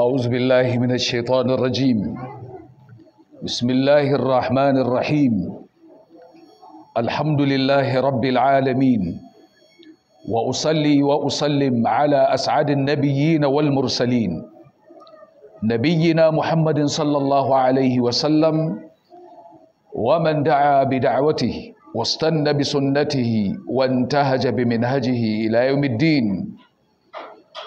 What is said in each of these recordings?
أعوذ بالله من الشيطان الرجيم بسم الله الرحمن الرحيم الحمد لله رب العالمين وأصلي وأسلم على أسعد النبيين والمرسلين نبينا محمد صلى الله عليه وسلم ومن دعا بدعوته واستنى بسنته وانتهج بمنهجه إلى يوم الدين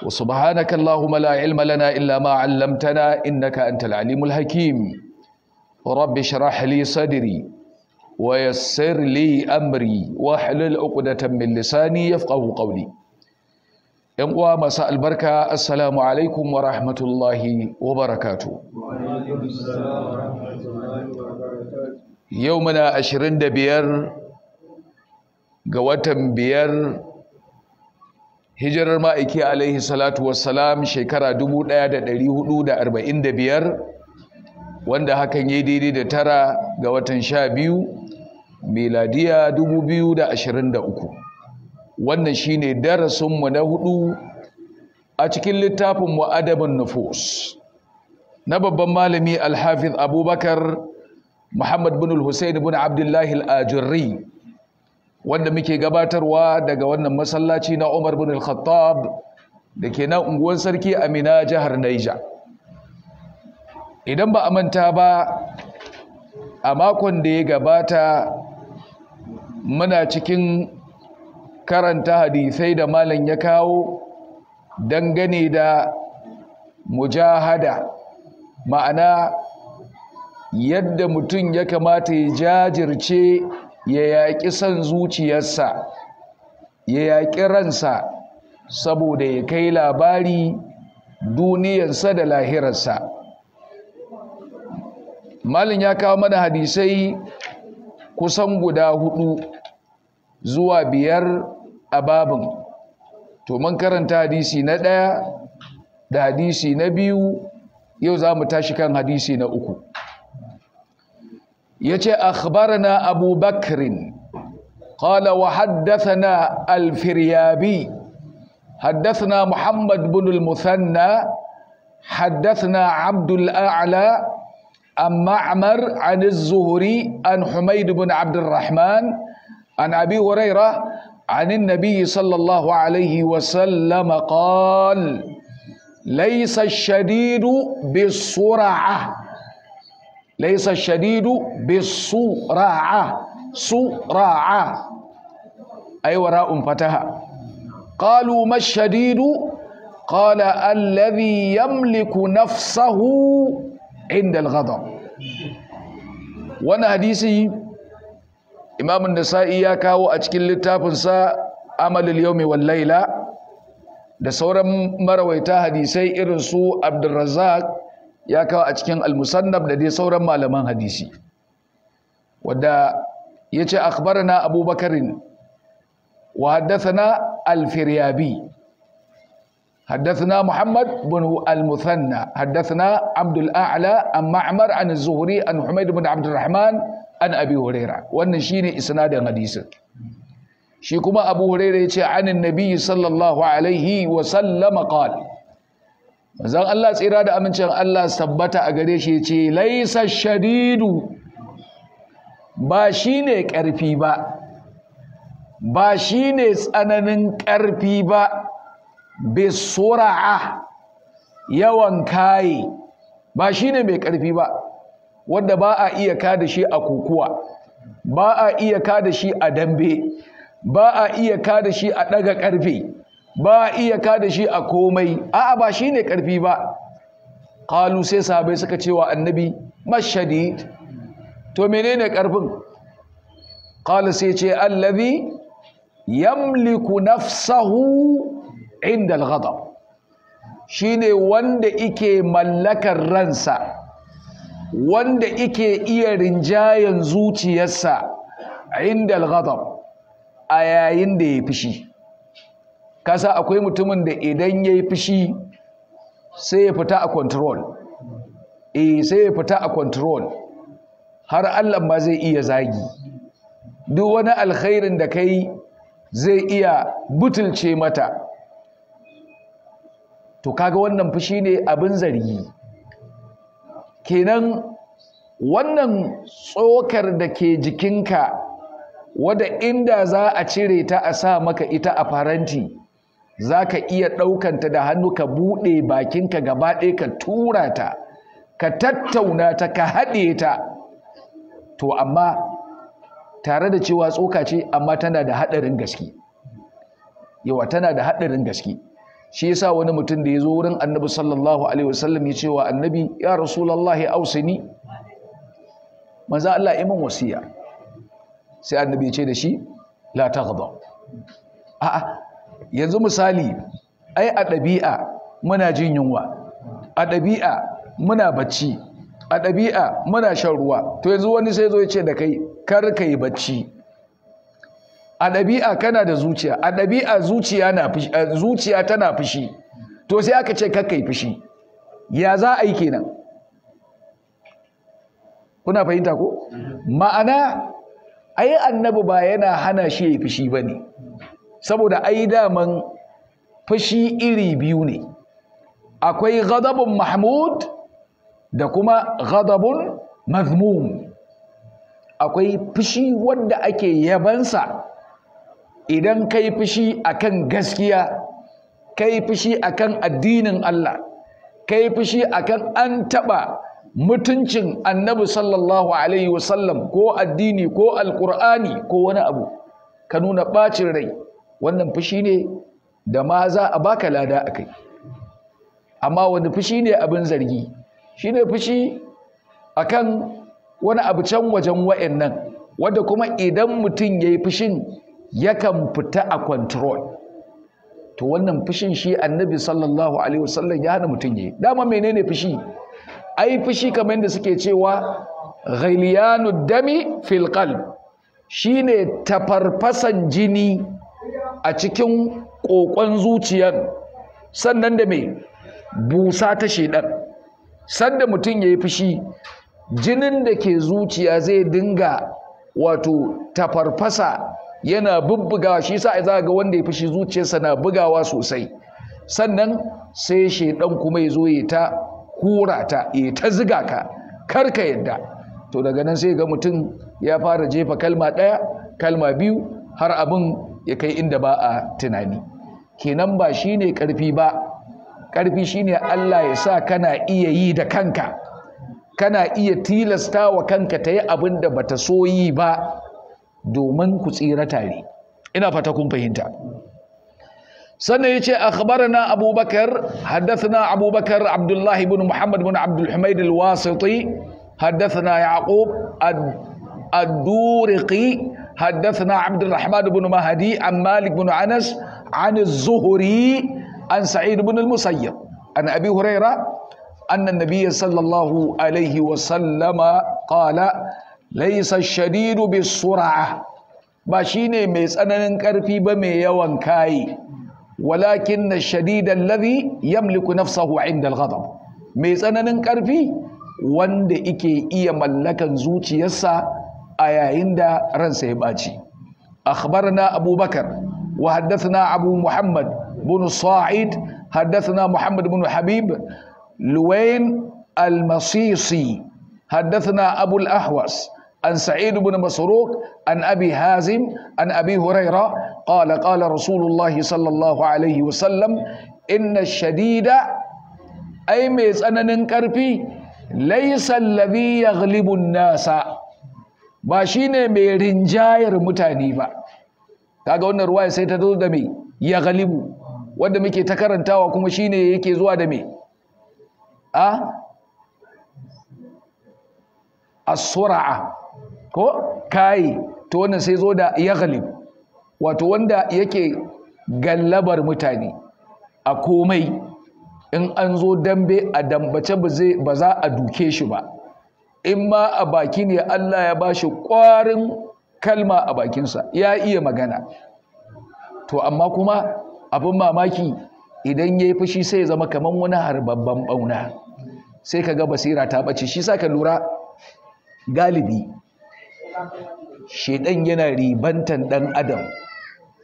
وسبحانك اللهم لا علم لنا إلا ما علمتنا إنك أنت العليم الحكيم رب اشرح لي صدري ويسر لي أمري واحلل عقدة من لساني يفقه قولي ‘Yan uwa masu albarka, Assalamu alaikum wa rahmatullahi wa barakatu. Yau muna ashirin da biyar ga watan biyar hijirar ma'aiki alaihi salatu wassalam shekara 1445 wanda hakan yi daidai da tara ga watan sha biyu miladiya 2023 wannan shine darasinmu na hudu a cikin littafin mu'adabin nufus na babban malami alhafiz abubakar muhammad bin hussein bin abdullahi al'ajirri wanda muke gabatarwa daga wannan masallaci na Umar bin Al-Khattab da ke nan unguwar sarki Amina jihar Naija idan ba a manta ba a makon da ya gabata muna cikin karanta hadisai da malam ya kawo dangane da mujahada ma'ana yadda mutum ya kamata ya jajirce ya yaƙi son zuciyarsa ya yaƙi ransa saboda ya kai labari duniyarsa da lahirarsa malin ya kawo mana hadisai kusan guda hudu zuwa biyar a babin to mun karanta hadisi na ɗaya da hadisi na biyu yau za mu tashi kan hadisi na uku يتي أخبرنا أبو بكر قال وحدثنا الفريابي حدثنا محمد بن المثنى حدثنا عبد الأعلى عن معمر عن الزهري عن حميد بن عبد الرحمن عن أبي هريرة عن النبي صلى الله عليه وسلم قال ليس الشديد بالسرعة laisa shadidu bi sura'a sura'a ay wara'un fataha qalu ma shadidu qala alladhi yamliku nafsahu inda al-ghadab wannan hadisi imamun da nasai ya kawo a cikin littafinsa amalul yawmi wal layla da sauran marawaita hadisai irin su abdurrazzaq ya kawo a cikin al da dai sauran malaman hadisi wadda ya ce akbarana abubakarin wa haddathana al-firyabi haddathana muhammad bin al-musanna haddathana abdul a'la an ma'mar an zuhri an humaid bin abdurrahman an abi wannan shine isnadin hadisin shi kuma abu yace ya ce anin nabi sallallahu alaihi wa sallam qala manzon Allah tsira da amincin Allah tabbata a gare shi ce laisa shadidu ba shine karfi ba ba shine tsananin karfi ba bisura'a yawan kaye ba shine mai karfi ba wanda ba a iya ka da shi a kokuwa ba a iya ka da shi a dambe ba a iya ka da shi a daga karfe ba iya ka da shi a komai a'a ba shi ne ƙarfi ba ƙalu sai sahabai suka cewa annabi mashadi to menene ƙarfin ƙalu sai ce allazi yamliku nafsahu inda al shi ne wanda ike mallakar ransa wanda ike iya rinjayen zuciyarsa inda al a yayin da ya fushi. kasa akwai mutumin da idan ya yi fushi sai ya fita a control eh sai ya fita a control har Allah ma zai iya zagi duk wani alkhairin da kai zai iya butulce mata to kaga wannan fushi ne abin zargi kenan wannan tsokar da ke jikinka wadda inda za a cire ta a sa maka ita a faranti za ka iya ɗaukanta da hannu ka buɗe bakinka gaba ɗaya ka tura ta ka tattauna ta ka haɗe ta to amma tare da cewa tsoka ce amma tana da haɗarin gaske yawa tana da haɗarin gaske shi yasa wani mutum da ya zo wurin annabi sallallahu alaihi wasallam ya cewa annabi ya rasulallahi ausini manzo Allah imin wasiya sai annabi ya ce da shi la taghdab a'a yanzu misali ai a ɗabi'a muna jin yunwa a ɗabi'a muna bacci a ɗabi'a muna shan ruwa to yanzu wani sai zo ya ce da kai kar ka yi bacci a ɗabi'a kana da zuciya a ɗabi'a zuciya tana fushi to sai aka ce kar ka yi fushi ya za a yi kenan kuna fahimta ko mm-hmm. ma'ana ai annabi ba yana hana shi ya yi fushi ba ne saboda ai daman fushi iri biyu ne akwai ghadabun mahmud da kuma ghadabun mazmum akwai fishi wanda ake yabansa idan kai fishi akan gaskiya kai fishi akan addinin Allah kai fishi akan an taba mutuncin annabi sallallahu alaihi wasallam ko addini ko alkur'ani ko wani abu ka nuna bacin rai wannan fushi ne da ma za a baka lada a kai amma wani fushi ne abin zargi shi ne fushi a kan wani abu can wajen wayannan. wadda kuma idan mutum ya yi fushin yakan fita a kwantarol to wannan fushin shi annabi sallallahu alaihi wasallam ya hana mutum ya yi dama menene fushi ai fushi kamar yadda suke cewa ghaliyanu dami fil qalb shine tafarfasan jini a cikin ƙoƙon zuciyar sannan da mai busa ta shaidan sanda mutum ya yi fushi jinin da ke zuciya zai dinga wato tafarfasa yana bubbugawa shi sa za ga wanda ya fushi zuciyarsa na bugawa sosai sannan sai shaidan kuma ya zo ya ta hura ta ya ta ziga ka karka yadda to daga nan sai ga mutum ya fara jefa kalma ɗaya kalma biyu har abin ya kai inda ba a tunani kenan ba shine karfi ba karfi shine Allah ya sa kana iya yi da kanka kana iya tilasta wa kanka ta yi abin da bata so yi ba domin ku tsira tare ina fata kun fahimta sannan yace akhbarana abubakar na abubakar abdullahi ibn muhammad ibn abdul humaid al-wasiti na yaqub ad-duriqi حدثنا عبد الرحمن بن مهدي عن مالك بن أنس عن الزهري عن سعيد بن المسيب عن أبي هريرة أن النبي صلى الله عليه وسلم قال ليس الشديد بالسرعة باشيني ميس أنا ننكر في بمي يوان كاي ولكن الشديد الذي يملك نفسه عند الغضب ميس أنا ننكر في wanda ike iya mallakan zuciyarsa a yayin da ransa ya ɓaci akhbarna abubakar wa haddathna abu muhammad bin sa'id haddathna muhammad bin habib luwain Almasisi, masisi Abul ahwas an sa'id bin masruq an abi hazim an abi huraira qala qala sallallahu alayhi wa sallam inna ash-shadida ay mai tsananin ƙarfi laysa alladhi yaghlibu nasa ba shi ne mai rinjayar mutane ba kaga wannan ruwaya sai ta zo da mai ya galibu wanda muke ta karantawa kuma ne yake zuwa da mai a ko kai to wannan sai zo da ya galibu wato wanda yake gallabar mutane a komai in an zo dambe a dambace ba za a duke shi ba in ma a baki ne Allah ya bashi ƙwarin kalma a bakinsa ya iya magana to amma kuma abin mamaki idan ya yi fushi sai ya zama kamar wani harbabban bauna sai ka ga basira ta ɓace shi sa ka lura galibi shaidan yana ribantan ɗan adam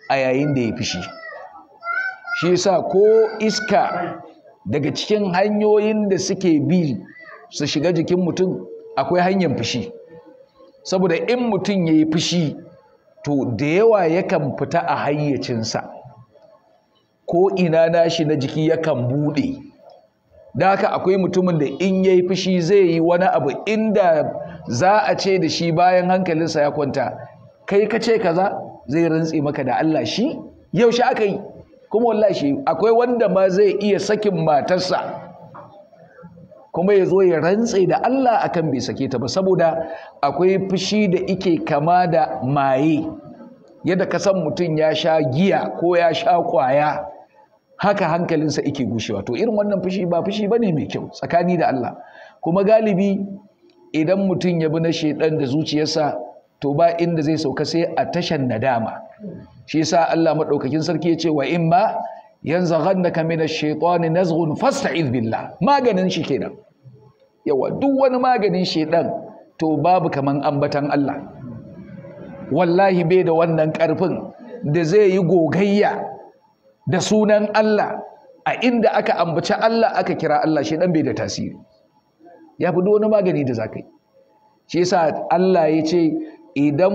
a yayin da ya fushi shi sa ko iska daga cikin hanyoyin da suke bi su shiga jikin mutum akwai hanyar fushi saboda in mutum ya yi fushi to da yawa yakan fita a hayyacinsa ko ina nashi na jiki yakan buɗe da haka akwai mutumin da in ya yi fushi zai yi wani abu inda za a ce da shi bayan hankalinsa ya kwanta kai ka ce kaza zai rantsi maka da Allah shi yaushe aka yi kuma wallahi akwai wanda ma zai iya sakin matarsa kuma ya zo ya rantse da Allah akan bai sake ta ba saboda akwai fushi da ike kama da maye yadda ka san mutum ya sha giya ko ya sha kwaya haka hankalinsa ike gushewa to irin wannan fushi ba fushi ba ne mai kyau tsakani da Allah kuma galibi idan mutum ya bi na shedan da zuciyarsa to ba inda zai sauka sai a tashan nadama shi yasa Allah madaukakin sarki ya ce wa imma Yanzu yanzaghannaka minash shaitani nazghun fasta'iz billah maganin shi kenan yawa duk wani maganin shedan to babu kaman ambatan Allah wallahi bai da wannan karfin da zai yi gogayya da sunan Allah a inda aka ambaci Allah aka kira Allah shedan bai da tasiri ya fi wani magani da zakai yi shi yasa Allah ya ce idan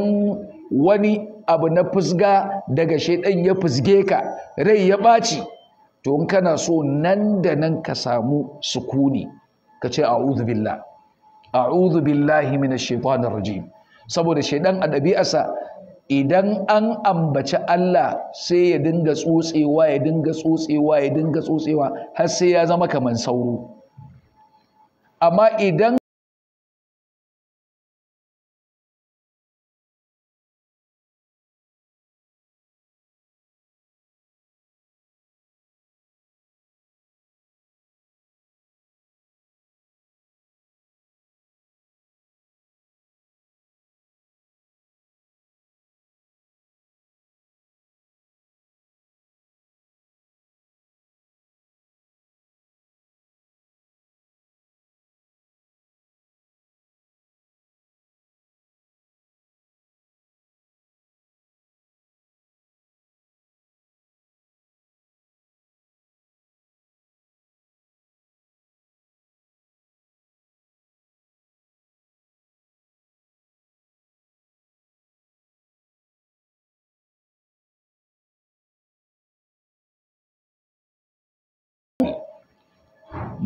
wani abu na fusga daga shaidan ya fusge ka rai ya ɓaci to in kana so nan da nan ka samu sukuni ka ce a'udhu billah a'udhu billahi minash shaitanir rajim saboda shaidan a dabi'arsa idan an ambaci Allah sai ya dinga tsotsewa ya dinga tsotsewa ya dinga tsotsewa har sai ya zama kaman sauro amma idan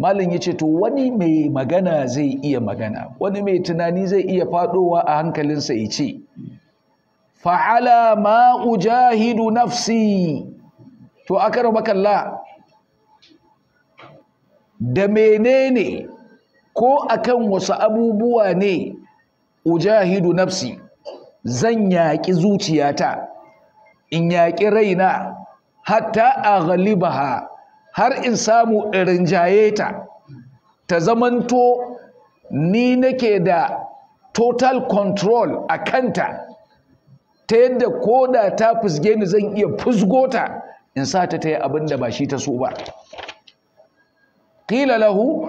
malin ya ce to wani mai magana zai iya magana wani mai tunani zai iya fadowa a hankalinsa ya ce fa'ala ma ujahidu nafsi to aka kalla. da menene ko akan wasu abubuwa ne ujahidu nafsi zan yaƙi zuciyata in yaƙi raina hatta a ghalibaha har in samu irin ta ta zamanto ni nake da total control a kanta ta yadda ko da ta fusge ni zan iya fusgota in sa ta ta yi abin da ba shi ta so ba ƙila lahu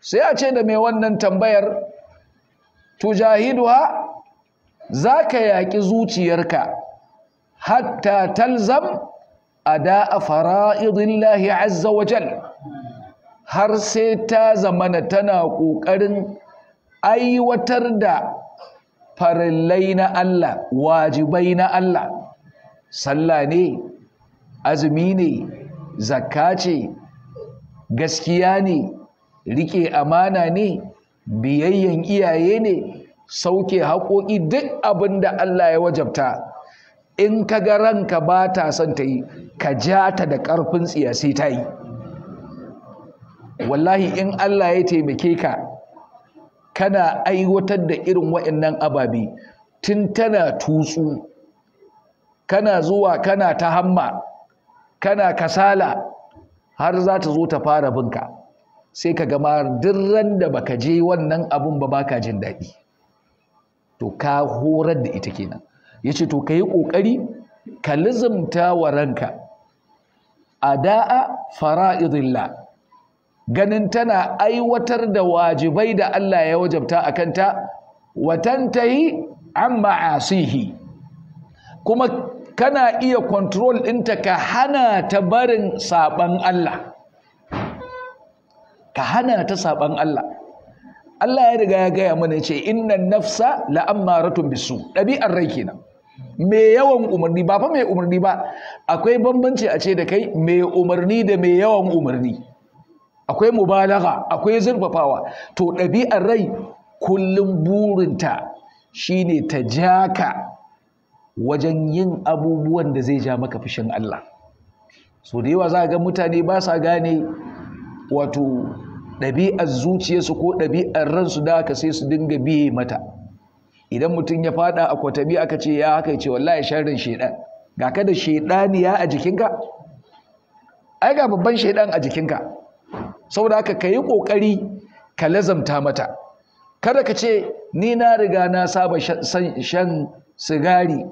sai a ce da mai wannan tambayar tujahiduha za ka yaƙi zuciyarka hatta talzam ada'a a azza wa jal har sai ta zamana tana ƙoƙarin aiwatar da farallai na Allah wajibai na Allah sallah ne azumi ne zakka ce gaskiya ne riƙe amana ne biyayyen iyaye ne sauke haƙoƙi duk abin da Allah ya wajabta in ka ga ranka ba ta son ta yi ka ja ta da ƙarfin tsiya sai ta yi wallahi in Allah ya taimake ka kana aiwatar da irin waɗannan ababe tun tana tutsu kana zuwa kana ta hamma kana kasala har za ta zo ta fara binka sai ka gama ran da baka je wannan abun ba baka jin daɗi to ka horar da ita kenan ya ce to ka yi ƙoƙari ka lizimta wa ranka a da'a fara'idilla. ganin tana aiwatar da wajibai da Allah ya wajabta a kanta watantahi an ma'asihi kuma kana iya kontrol ɗinta ka hana ta barin saɓan Allah ka hana ta saɓan Allah Allah ya riga ya gaya mana ce innan nafsa la'ammaratun bisu ɗabi'ar rai kenan mai yawan umarni ba fa mai umarni ba akwai bambanci a ce da kai mai umarni da mai yawan umarni akwai mubalaga akwai zurfafawa to ɗabi'ar rai kullum burinta shine ta ja-ka wajen yin abubuwan da zai ja maka fushin Allah so da yawa za ga mutane ba sa gane wato ɗabi'ar zuciyarsu ko ɗabi'ar ransu da aka sai su dinga biye mata idan mutum ya fada a kwatabi aka ce ya haka ce wallahi sharrin shedan ga ka da a jikinka ai ga babban shedan a jikinka saboda haka kayi kokari ka lazamta mata kada ka ce ni na riga na saba shan sigari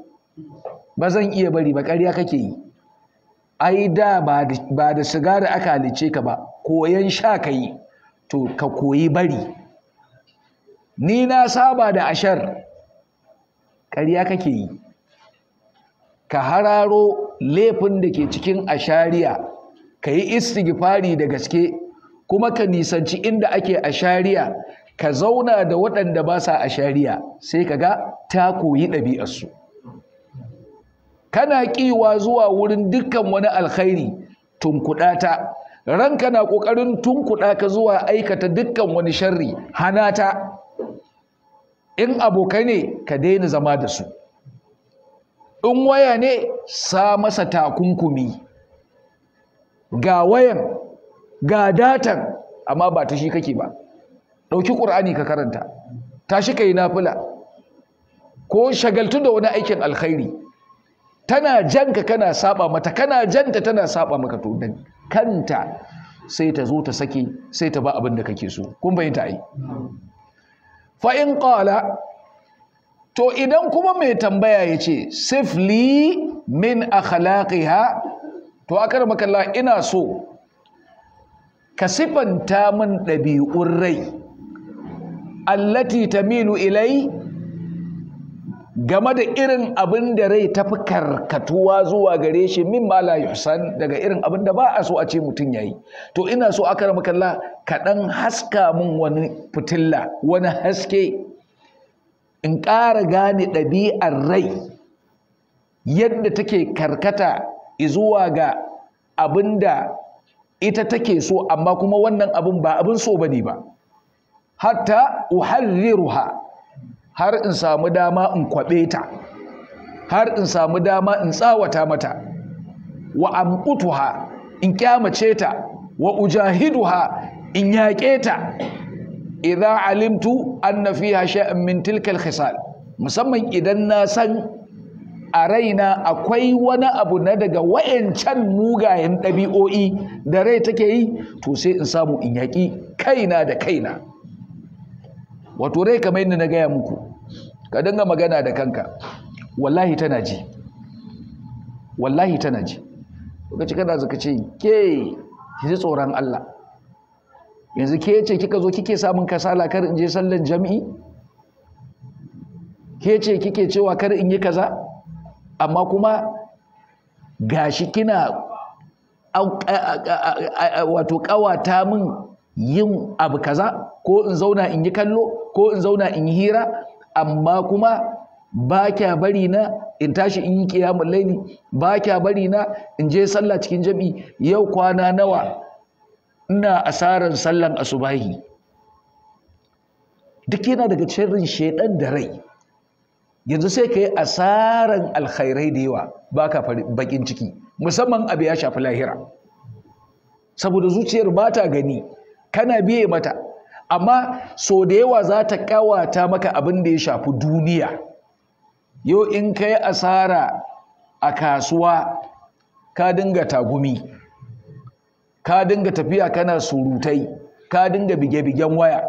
ba zan iya bari ba ƙarya kake yi ai da ba da sigari aka halice ka ba koyan sha ka to ka koyi bari ni na saba da ashar ƙarya kake yi ka hararo laifin da ke cikin ashariya ka yi istighfari da gaske kuma ka nisanci inda ake ashariya ka zauna da waɗanda ba sa ashariya sai ka ga ta koyi ɗabi'arsu kana ƙiwa zuwa wurin dukkan wani alkhairi tunkuɗa ta ranka na ƙoƙarin tunkuɗa ka zuwa aikata dukkan wani sharri hana ta in abokai ne ka daina zama da su in waya ne sa masa takunkumi ga wayan ga datan amma ba ta shi kake ba ɗauki ƙur'ani ka karanta tashi ka yi nafila ko shagaltu da wani aikin alkhairi tana janka kana saba mata kana janta tana saba maka to da kanta sai ta zo ta sake sai ta ba abin da kake so kun fahimta ai fa'in ƙala, to idan kuma mai tambaya ya ce sifli min akhlaqiha to akar makalla ina so ka sifanta min ɗabi'un rai allati milu ilai game da irin abin da rai ta fi karkatuwa zuwa gare shi min ma la daga irin abin da ba a so a ce mutum yayi to ina so aka rama kalla ka haska mun wani fitilla wani haske in ƙara gane ɗabi'ar rai yadda take karkata zuwa ga abin da ita take so amma kuma wannan abin ba abin so bane ba hatta uharriruha har in samu dama in kwaɓe ta har in samu dama in tsawata mata wa amqutuha in kyamace ta wa ujahiduha in yaƙe ta idza alimtu anna fiha shay'an min tilka al musamman idan na san a raina akwai wani abu na daga wayancan mugayen ɗabi'o'i da rai take yi to sai in samu in yaƙi kaina da kaina wato rai kamar yadda na gaya muku ka dinga magana da kanka wallahi tana ji wallahi tana ji kuka ci kana zaka ce ke ki ji tsoron Allah yanzu ke ce kika zo kike samun kasala kar in je sallan jami'i ke ce kike cewa kar in yi kaza amma kuma gashi kina wato kawata min yin abu kaza ko in zauna in yi kallo ko in zauna in yi hira amma kuma ba kya bari na in tashi in yi kiyamun laili ba kya bari na in je sallah cikin jam'i yau kwana nawa ina asaran sallan asubahi duk yana daga sharrin shaidan da rai yanzu sai ka yi asaran alkhairai da yawa ba bakin ciki musamman abu ya shafi lahira saboda zuciyar ba ta gani kana biye mata amma so da yawa za ta kawata maka abin da ya shafi duniya yau in ka yi asara a kasuwa ka dinga tagumi ka dinga tafiya kana surutai ka dinga bige-bigen waya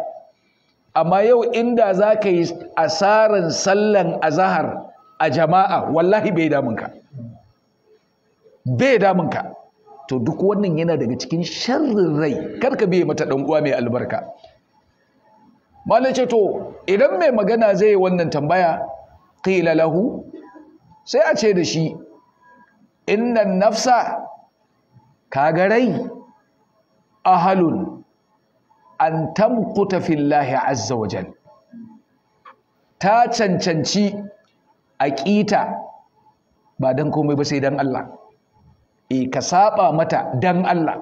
amma yau inda za ka yi asaran sallan azahar a jama'a wallahi bai damunka bai damunka to duk wannan yana daga cikin sharrin rai karka biye mata ɗan uwa mai albarka malai ce to idan mai magana zai yi wannan tambaya ƙila lahu sai a ce da shi innan nafsa kagarai rai halun, an tamkuta fillahi azza wajen. ta cancanci a ƙita. ba don komai ba sai don Allah e ka saba mata don Allah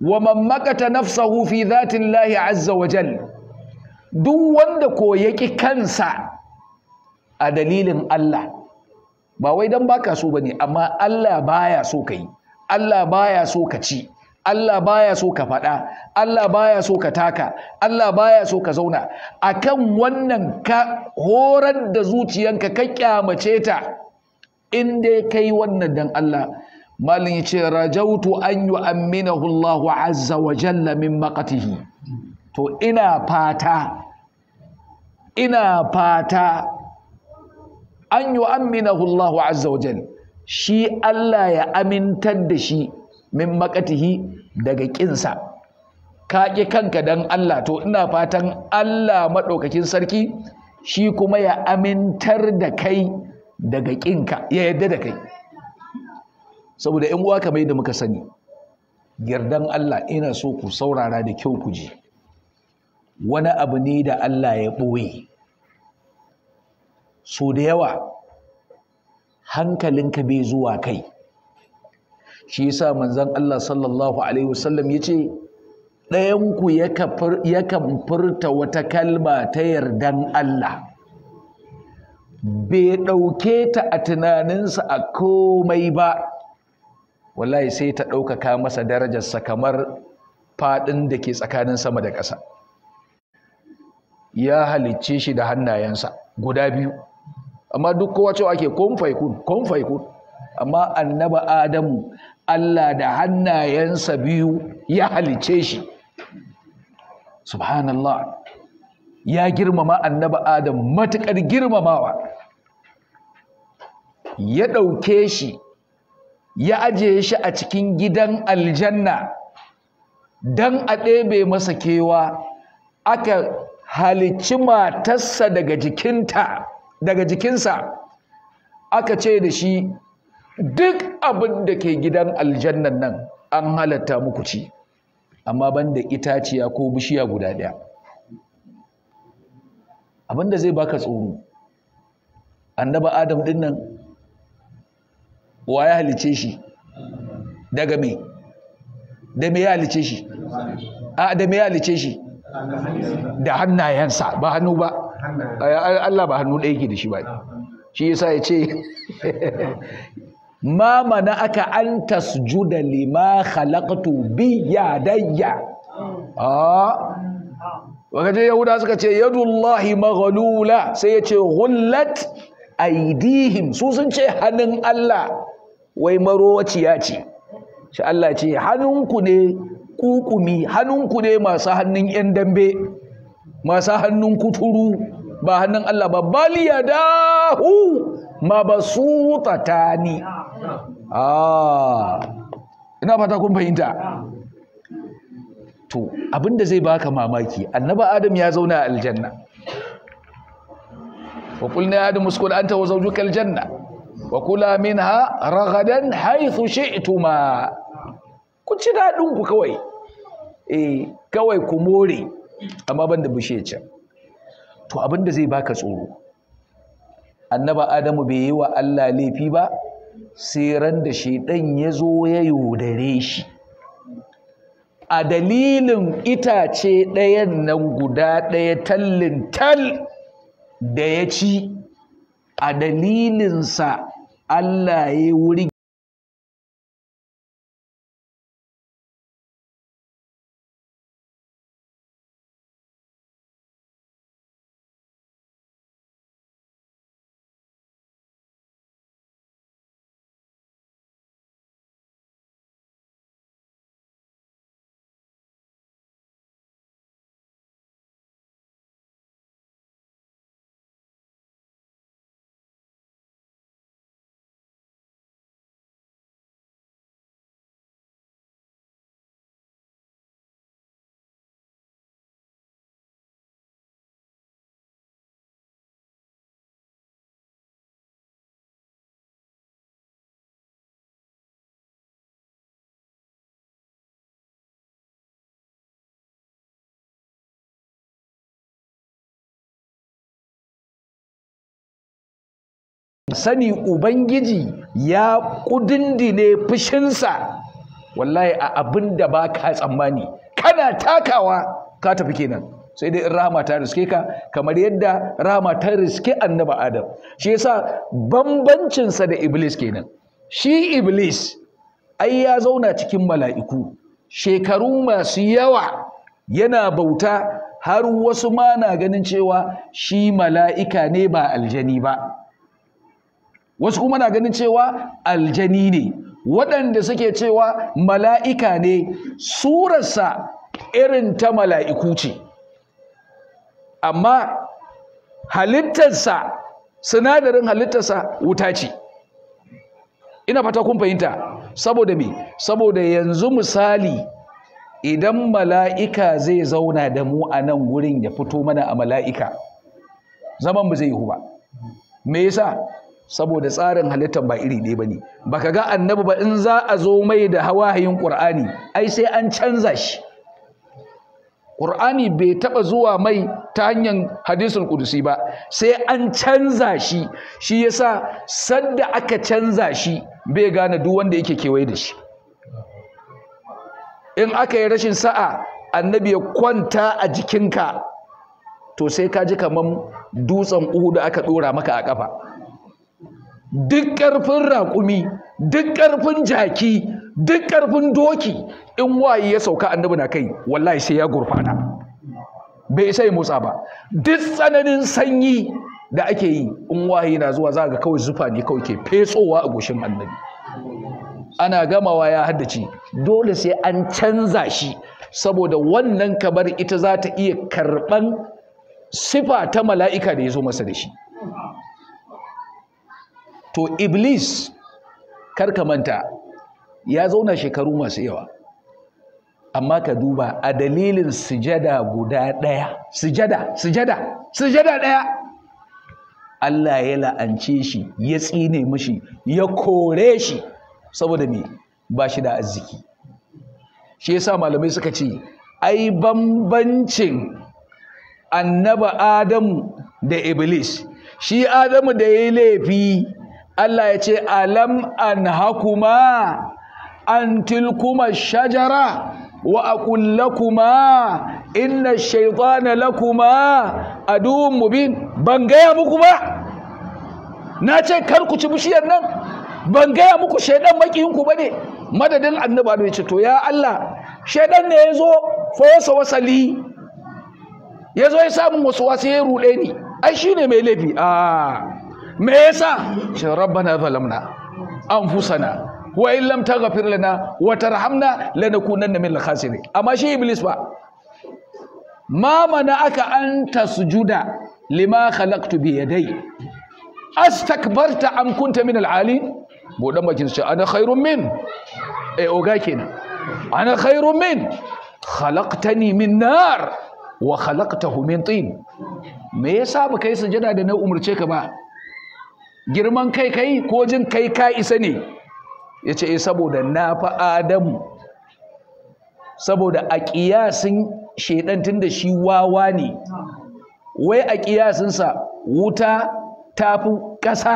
wa mammakata makata nafsahu fi lahi azza wa jal duk wanda ko yaki kansa a dalilin Allah ba wai dan baka so bane amma Allah baya so kai Allah baya so ka ci Allah baya so ka faɗa, Allah baya so ka taka, Allah baya so ka zauna, akan wannan ka horar da zuciyanka ka kyamace ta, in dai kai wannan dan Allah malin ya ce rajautu an yi aminahu Allah azza wa jalla min maqatihi to ina fata ina fata an yi aminahu Allah azza wa jalla shi Allah ya amintar da shi min maqatihi daga kinsa ka ƙi kanka dan Allah to ina fatan Allah madaukakin sarki shi kuma ya amintar da kai daga ƙinka ya yadda da kai saboda yan uwa kamar yadda muka sani yardan Allah ina so ku saurara da kyau ku ji wani abu ne da Allah ya ɓoye so da yawa hankalinka bai zuwa kai shi yasa manzon Allah sallallahu alaihi wasallam yace ɗayanku yakan furta wata kalma ta yardan Allah bai ɗauke ta a tunaninsa a komai ba wallahi sai ta ɗaukaka masa darajarsa kamar faɗin da ke tsakanin sama da ƙasa ya halicce shi da hannayensa guda biyu amma duk kowa cewa ake kun faikun kun faikun amma annaba adamu Allah da hannayensa biyu ya halicce shi subhanallah ya girmama annaba adam matuƙar girmamawa ya ɗauke shi ya ajiye shi a cikin gidan aljanna dan a ɗebe masa kewa aka halicci matarsa daga jikinta daga jikinsa aka ce da shi duk abin da ke gidan aljannan nan an halatta muku ci amma ban da itaciya ko bishiya guda ɗaya abin da zai baka tsoro annaba adam ɗin wa ya halice shi daga me da me ya halice shi a da me ya halice shi da hannayensa ba hannu ba Allah ba hannu ɗaya ke da shi ba shi yasa ya ce ma mana aka an tasjuda lima khalaqtu bi yadayya a wakaje yahuda suka ce yadullahi maghlula sai ya ce ghullat aidihim su sun ce hannun Allah wai ya ce shi Allah ce hannunku ne kukumi hannunku ne masu hannun yan dambe masu hannun kuturu ba hannun Allah ba ya dahu ma ba su ni ah ina fata kun fahimta to abinda zai baka mamaki annabi adam ya zauna a aljanna wa qulna ya adam uskun anta wa zawjuka aljanna wa kula minha ragadan haythu shi'tuma ku ci dadin ku kawai eh kawai ku more amma banda bishe ce to abinda zai baka tsoro annaba adamu bai yi wa Allah laifi ba sai ran da shedan ya zo ya yodare shi a dalilin itace ɗayan nan guda ɗaya tallin tal da ya ci a dalilinsa Allah ya wuri sani ubangiji ya kudindine fushinsa wallahi a abin da ba ka tsammani kana takawa ka tafi kenan sai dai in rahama ta riske ka kamar yadda rahama ta riske annaba adam shi yasa bambancinsa da iblis kenan shi iblis ai ya zauna cikin mala'iku shekaru masu yawa yana bauta har wasu ma na ganin cewa shi mala'ika ne ba aljani ba wasu kuma na ganin cewa aljani ne waɗanda suke cewa mala'ika ne surarsa irin ta mala'iku ce amma halittarsa sinadarin halittarsa wuta ce ina fata kun fahimta saboda me saboda yanzu misali idan mala'ika zai zauna da mu a nan gurin ya fito mana a mala'ika zaman mu zai yi ba me yasa saboda tsarin halittar ba iri ɗaya ba ne, ba ka ga annabi ba in za a zo mai da hawa hawahayin ƙur'ani ai sai an canza shi ƙur'ani bai taɓa zuwa mai ta hanyar hadisul ƙudusi ba sai an canza shi shi ya sa sanda aka canza shi bai gane duk wanda yake kewaye da shi in aka yi rashin sa'a annabi ya kwanta a jikinka to sai ka ji kaman dutsen uhu da aka ɗora maka a ƙafa. duk ƙarfin raƙumi duk ƙarfin jaki duk ƙarfin doki in waye ya sauka annabi na kai wallahi sai ya gurfana bai isa ya motsa ba duk tsananin sanyi da ake yi in waye na zuwa za ga kawai zufa ne kawai ke fetsowa a goshin annabi ana gamawa ya haddace dole sai an canza shi saboda wannan kamar ita za ta iya karɓan sifa ta mala'ika da ya zo masa da shi to iblis karka manta ya zauna shekaru masu yawa amma ka duba a dalilin sujada guda ɗaya sujada sujada sujada ɗaya Allah ya la'ance shi ya tsine mishi ya kore shi saboda me ba shi da arziki shi yasa malamai suka ce ai bambancin annaba Adamu da Iblis shi Adamu da ya laifi Allah ya ce alam an hakuma an tilkuma shajara wa aqul lakuma inna shaytana lakuma aduwwun mubin ban gaya muku ba na ce kar ku ci bishiyar nan ban gaya muku shaidan makiyinku ba ne madadin annaba ya ce to ya Allah shaidan ne ya zo fosa wasali ya zo ya samun wasu wasu ya ruɗe ni ai shi ne mai laifi a ah. me yasa shi rabbana zalamna anfusana wa in lam taghfir lana wa tarhamna lanakunanna min al-khasirin amma shi iblis ba ma mana aka an tasjuda lima khalaqtu bi yadai astakbarta am kunta min al-ali godan bakin ana khairun min eh oga kenan ana khairun min khalaqtani min nar wa khalaqtahu min tin me yasa baka yi sujada da na umurce ka ba girman kai kai ko jin kai ka isa ne ya ce eh, saboda na fa adamu saboda a ƙiyasin shaidan tun da shi wawa ne wai a ƙiyasinsa wuta tafi ƙasa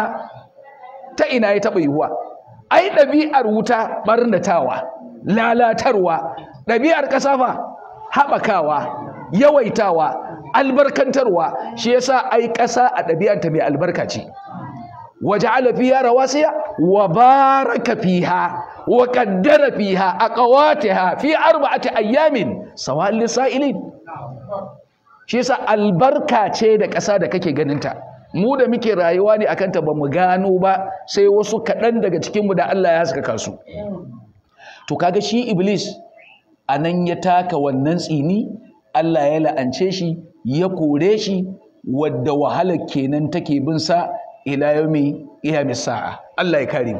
ta ina ya taɓa yiwuwa ai ɗabi'ar wuta ɓarnatawa lalatarwa ɗabi'ar ƙasa fa haɓakawa yawaitawa albarkantarwa shi yasa ai ƙasa a ɗabi'anta mai albarka ce وجعل فيها رواسي وبارك فيها وقدر فيها أقواتها في أربعة أيام سواء للسائلين shi yasa albarka ce da ƙasa da kake ganinta mu da muke rayuwa ne akanta ba mu gano ba sai wasu kaɗan daga cikinmu da Allah ya haskaka su to kaga shi iblis a nan ya taka wannan tsini Allah ya la'ance shi ya kore shi wadda wahalar kenan take bin sa ila iya qiyamis Allah ya kare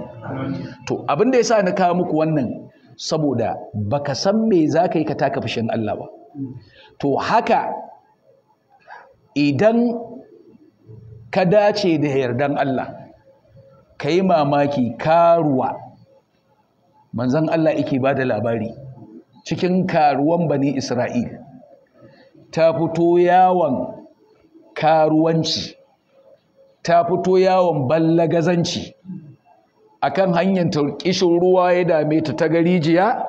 to abin da yasa na kawo muku wannan saboda baka san me zaka yi ka taka fushin Allah ba to haka idan ka dace da yardan Allah ka yi mamaki karuwa manzon Allah yake ba da labari cikin karuwan bani Isra'il ta fito yawon karuwanci ta fito yawon ballagazanci akan hanyar ta kishin ruwa ya dame ta ta garijiya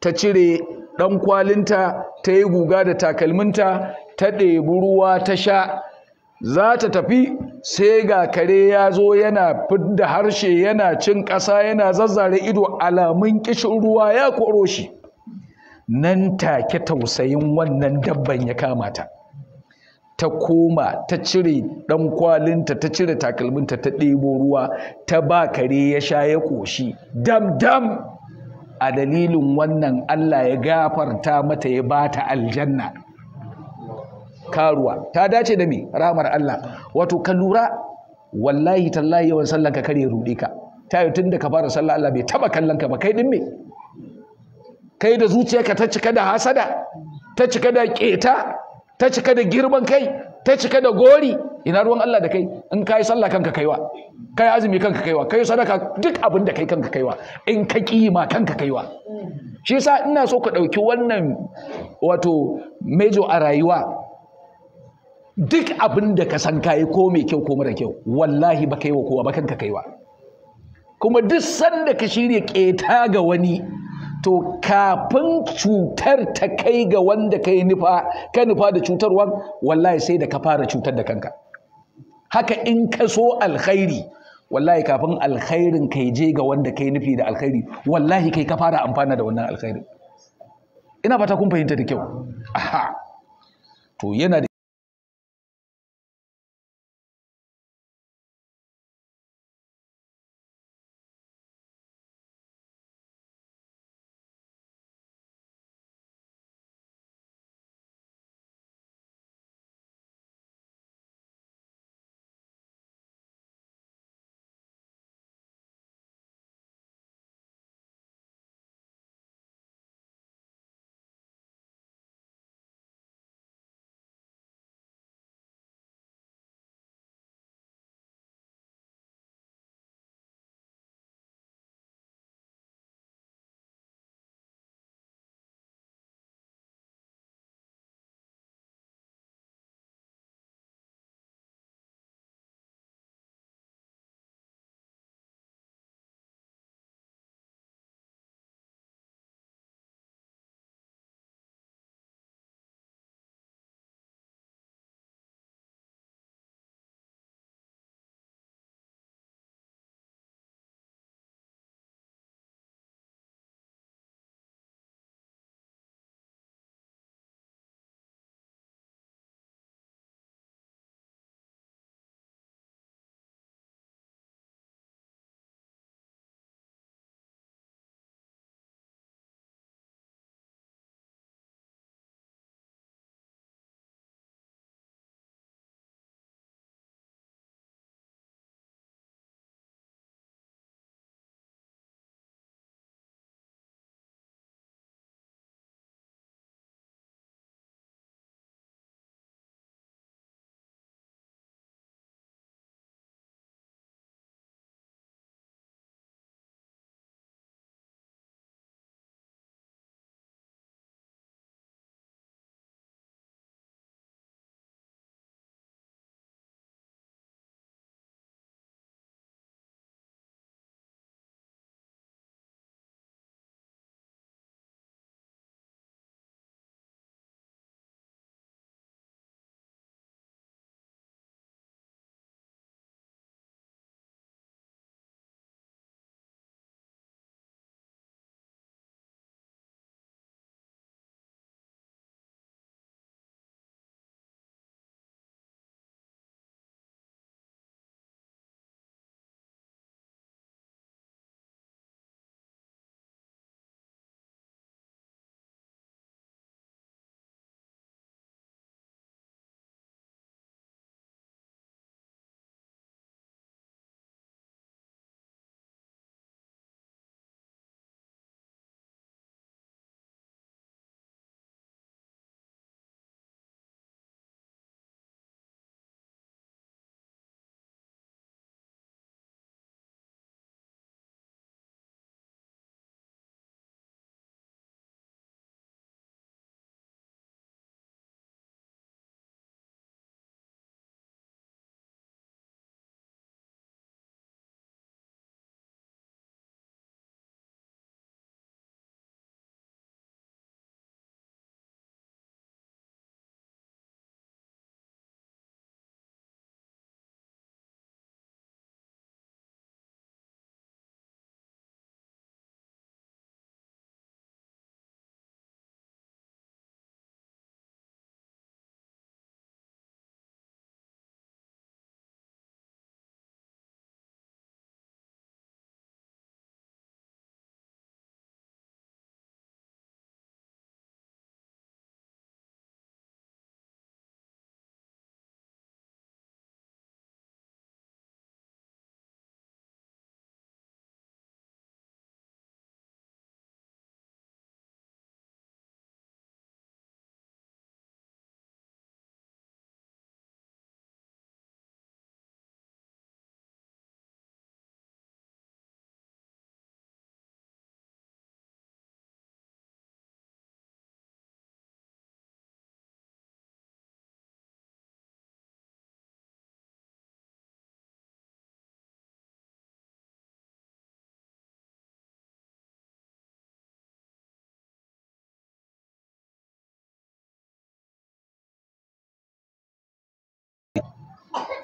ta cire ɗan kwalinta ta yi guga da takalminta ta ɗebi ruwa ta sha za ta tafi sai ga kare ya zo yana fidda harshe yana cin ƙasa yana zazzare ido alamun ƙishin ruwa ya koro shi nan take tausayin wannan dabban ya kamata ta koma ta cire ɗan kwalinta ta cire takalminta ta ɗebo ruwa ta ba kare ya sha ya ƙoshi dam dam a dalilin wannan Allah ya gafarta mata ya ba ta aljanna karuwa ta dace da me ramar Allah wato ka lura wallahi tallahi yawan sallan ka kare ruɗe ka ta yi tun da ka fara sallah Allah bai taba kallon ka ba kai ɗin me kai da zuciyarka ta cika da hasada ta cika da ƙeta ta cika da girman kai ta cika da gori ina ruwan Allah da kai in ka yi sallah kanka kaiwa ka yi azumi kanka kaiwa ka yi sadaka duk abin da kai kanka kaiwa in ka kima kanka kaiwa shi yasa ina so ku ɗauki wannan wato mejo a rayuwa duk abin da ka san kayi ko mai kyau ko mara kyau wallahi ba kaiwa kowa ba kanka kaiwa kuma duk sanda ka shirya ƙeta ga wani to kafin cutar ta kai ga wanda ka nufa ka nufa da cutarwan wallahi sai da ka fara cutar da kanka haka in ka so alkhairi wallahi kafin alkhairin kai je ga wanda kai nufi da alkhairi wallahi kai ka fara amfana da wannan alkhairin ina fata kun fahimta da kyau aha to yana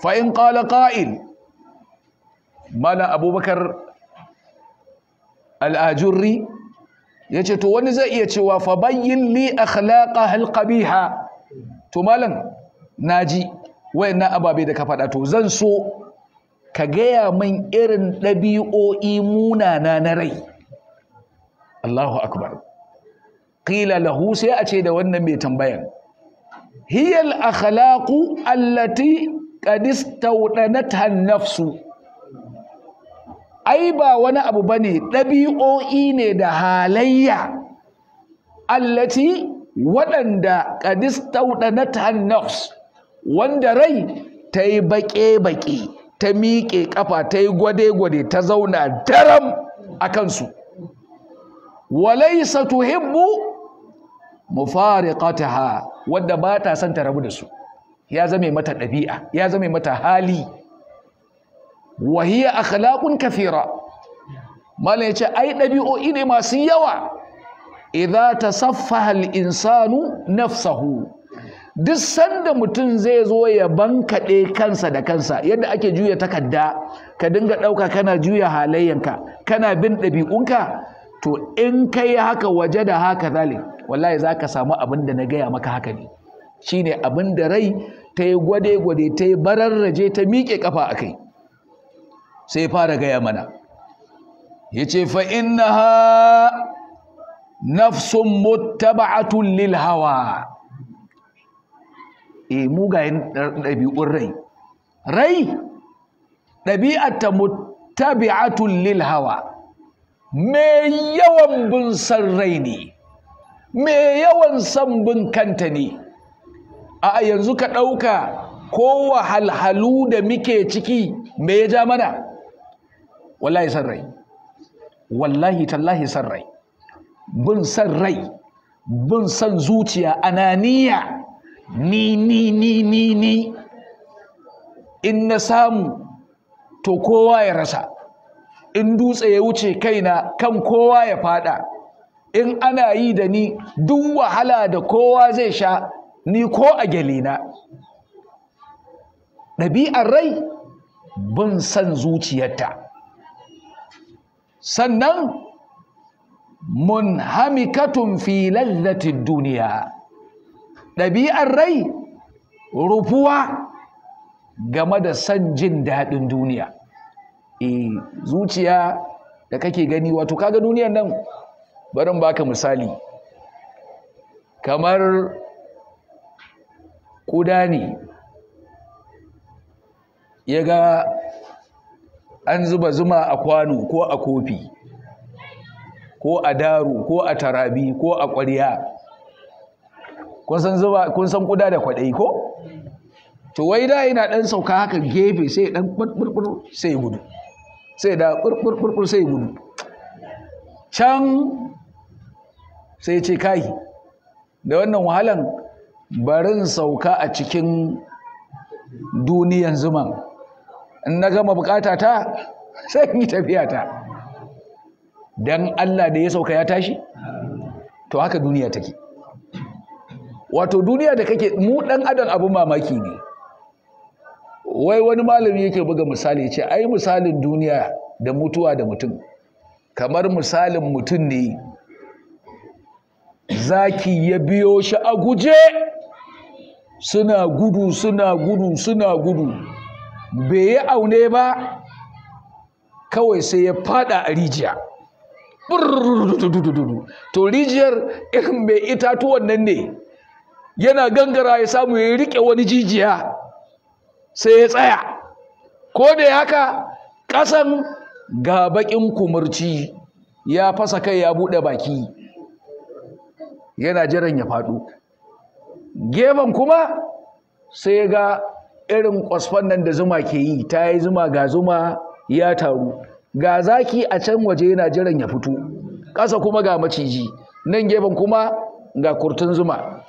fain in malam abubakar al yace to wani zai iya cewa fa bayyin li akhlaqa al to malam ji, wayannan ababe da ka faɗa to zan so ka gaya min irin ɗabi'o'i munana na rai Allahu akbar Ƙila lahu sai a ce da wannan mai tambayan hiyal akhlaqu allati ƙadis nafsu ai ba wani abu ba ne ɗabi'o'i ne da halayya allati waɗanda ƙadis tauɗanatan nafsu wanda rai ta yi baƙe-baƙe ta miƙe ƙafa ta yi gwade-gwade ta zauna daram a kansu walaisa tuhibbu mufariqataha wadda ba ta son ta rabu da su ya zame mata ɗabi'a ya zame mata hali wahiya akhlaqun kathira malam ce ai ɗabi'o'i ne masu yawa ta ta al-insanu nafsahu duk sanda mutum zai zo ya bankaɗe kansa da kansa yadda ake juya takarda ka dinga ɗauka kana juya halayyanka kana bin ɗabi'unka to in ka yi haka waje da haka zale wallahi za ka samu abin da na gaya maka haka ne shi ne abin da rai ta yi gwade-gwade ta yi bararraje ta miƙe ƙafa a kai sai fara gaya mana ya ce ha nafsun muttaba'atun lil hawa e mugayen ɗabi'un rai rai ɗabi'ata muttabi'atun lil hawa mai yawan bin san rai ne mai yawan san bin kanta ne a'a yanzu ka ɗauka ko wahalhalu da muke ciki me ya ja mana wallahi san rai wallahi tallahi san rai bin san rai bin san zuciya ananiya ni ni ni ni ni in na samu to kowa ya rasa in dutse ya wuce kaina kan kowa ya fada in ana yi da ni duk wahala da kowa zai sha ni ko a na, ɗabi'ar rai bin san zuciyarta sannan mun munhamikatun filan lallatin duniya ɗabi'ar rai rufuwa game da san jin daɗin duniya e zuciya da kake gani wato kaga duniyar nan barin baka misali kamar kuda ne ya ga an zuba zuma a kwano ko a kofi ko a daru ko a tarabi ko a ƙwariya kun san kuda da kwaɗayi ko? to wai da yana ɗan sauka haka gefe sai ɗan ɓurɓurɓur sai gudu sai da ɓurɓurɓur sai gudu can sai ce kai da wannan wahalan barin sauka a cikin duniyan zuman in na gama bukata ta sai yi tafiya ta Don Allah da ya sauka ya tashi to haka duniya take wato duniya da kake mu ɗan adam abin mamaki ne wai wani malami yake buga misali ce ai misalin duniya da mutuwa da mutum kamar misalin mutum ne zaki ya biyo shi a guje suna gudu suna gudu suna gudu bai yi aune ba kawai sai ya fada a rijiya to rijiyar irin mai itatuwan nan ne yana gangara ya samu ya riƙe wani jijiya sai ya tsaya ko da haka ƙasan ga baƙin kumurci ya fasa kai ya buɗe baki yana jiran ya faɗo gefen kuma sai ga irin kwasfan nan da zuma ke yi ta yi zuma ga zuma ya taru ga zaki a can waje yana jiran ya fito ƙasa kuma ga maciji nan gefen kuma ga kurtun zuma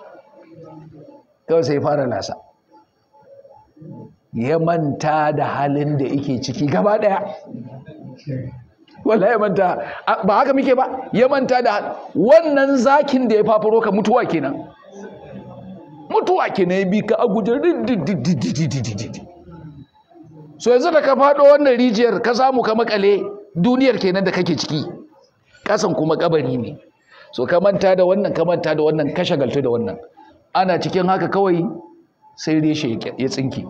kawai sai fara lasa ya manta da halin da yake ciki gaba ɗaya wala ya manta ba haka muke ba ya manta da wannan zakin da ya fafaro ka mutuwa kenan mutuwa ke na bi ka a guje so yanzu da ka faɗo wannan rijiyar ka samu ka makale duniyar kenan da kake ciki kasan kuma kabari ne so ka manta da wannan ka manta da wannan ka shagaltu da wannan ana cikin haka kawai sai reshe ya tsinki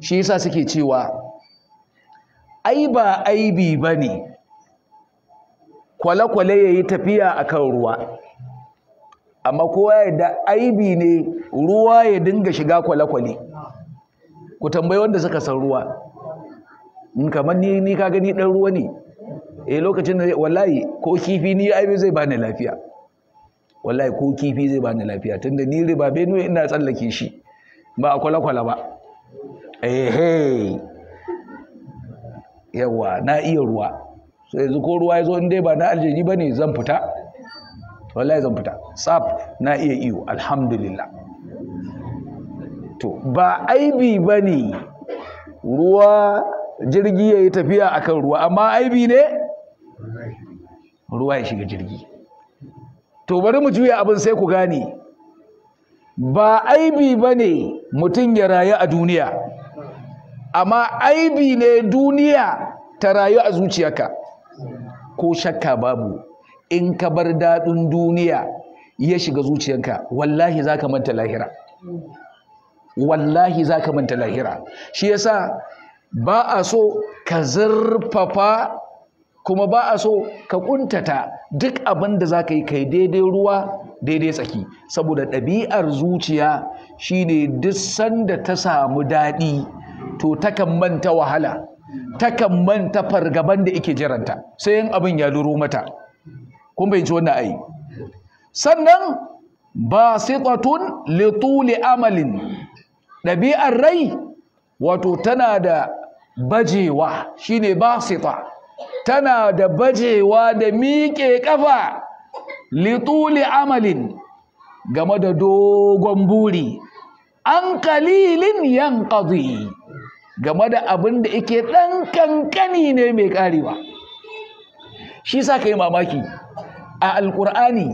shi yasa suke cewa ai ba aibi bane kwale-kwale yayi tafiya akan ruwa amma kowa ya da aibi ne ruwa ya dinga shiga kwale-kwale ku tambayi wanda suka san ruwa in kamar ni ni ka gani dan ruwa ne eh lokacin da wallahi ko kifi ni aibi zai bani lafiya wallahi ko kifi zai bani lafiya tunda ni riba ni ina tsallake shi ba a kwale-kwale ba ehe yawa na iya ruwa sai yanzu ko ruwa ya zo in dai ba na aljeji ba ne zan fita wallahi zan fita tsaf na iya iyo alhamdulillah to ba aibi ba ne ruwa jirgi ya tafiya akan ruwa amma aibi ne ruwa ya shiga jirgi to bari mu juya abin sai ku gane ba aibi bane ne mutum ya rayu a duniya amma aibi ne duniya ta rayu a zuciyarka ko shakka babu in ka bar daɗin duniya ya shiga zuciyanka wallahi za ka manta lahira wallahi za ka manta lahira shi yasa ba a so ka zurfafa kuma ba a so ka ƙuntata duk abin da za ka yi kai daidai ruwa daidai tsaki saboda ɗabi'ar zuciya shine duk sanda ta samu daɗi to takan manta wahala takan manta fargaban da ike jiranta sai yin abin ya duro mata kun bai ci wannan ai sannan basitatun li tuli amalin ɗabi'ar rai wato tana da bajewa shine basita tana da bajewa da miƙe ƙafa lituli amalin game da dogon buri an kalilin yan ƙazi game da abin da ike ɗan kankani ne mai ƙarewa shi sa ka yi mamaki a Alƙur'ani,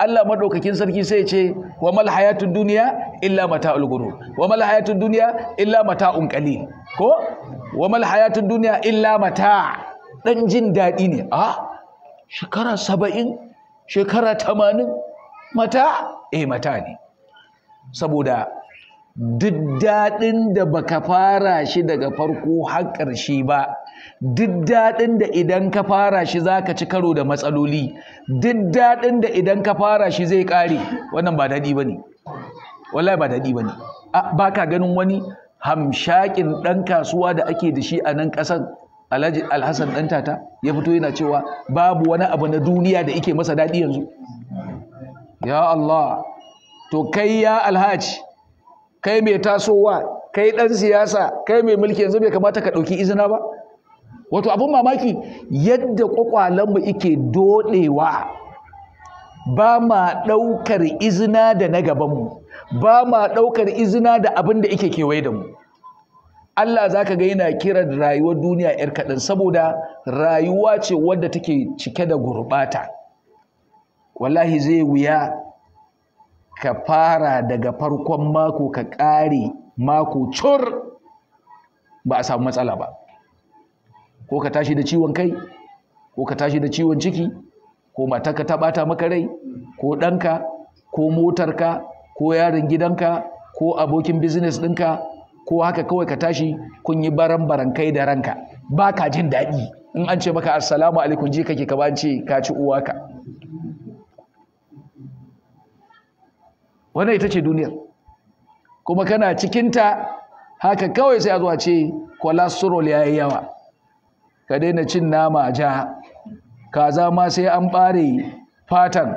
Allah maɗaukakin sarki sai ce wa malhayatun duniya illa mata ulguru wa malhayatun duniya illa mata unƙali? ko wa malhayatun duniya illa mata' Ɗan jin daɗi ne a shekara saba'in, shekara tamanin, mata eh mata ne saboda duk dadin da baka fara shi daga farko har ƙarshe ba duk daɗin da idan ka fara shi za ka ci karo da matsaloli duk daɗin da idan ka fara shi zai ƙare wannan ba daɗi ba ne wallahi ba daɗi ba ne ba ka ganin wani hamshakin ɗan kasuwa da ake da shi a nan ƙasar alhassan ɗan tata ya fito yana cewa babu wani abu na duniya da ike masa daɗi yanzu ya Allah to kai ya alhaji kai mai tasowa kai ɗan siyasa kai mai mulki yanzu bai kamata ka ɗauki izina ba wato abin mamaki yadda mu ike doɗewa ba ma ɗaukar izina da na gabanmu ba ma ɗaukar izina da abin da ike kewaye da mu Allah za ka ga yana kira rayuwar duniya 'yar kaɗan saboda rayuwa ce wadda take cike da gurɓata wallahi zai wuya ka fara daga farkon mako ka ƙare mako cur ba a samu matsala ba ko ka tashi da ciwon kai ko ka tashi da ciwon ciki ko matarka ta bata maka rai ko ɗanka ko motarka ko yaron gidanka ko abokin business ɗinka ko haka kawai ka tashi kun yi baran baran kai da ranka ba ka jin daɗi in an ce maka assalamu alaikum ji kake kaba ce ka ci uwaka wannan ita ce duniyar kuma kana cikinta haka kawai sai a zuwa ce cholesterol ya yi yawa ka daina cin nama a ja kaza ma sai an ɓare fatan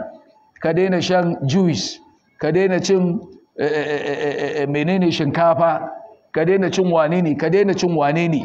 ka daina shan juice ka daina cin eh, eh, eh, menene shinkafa ka daina cin wane ne ka daina cin wane ne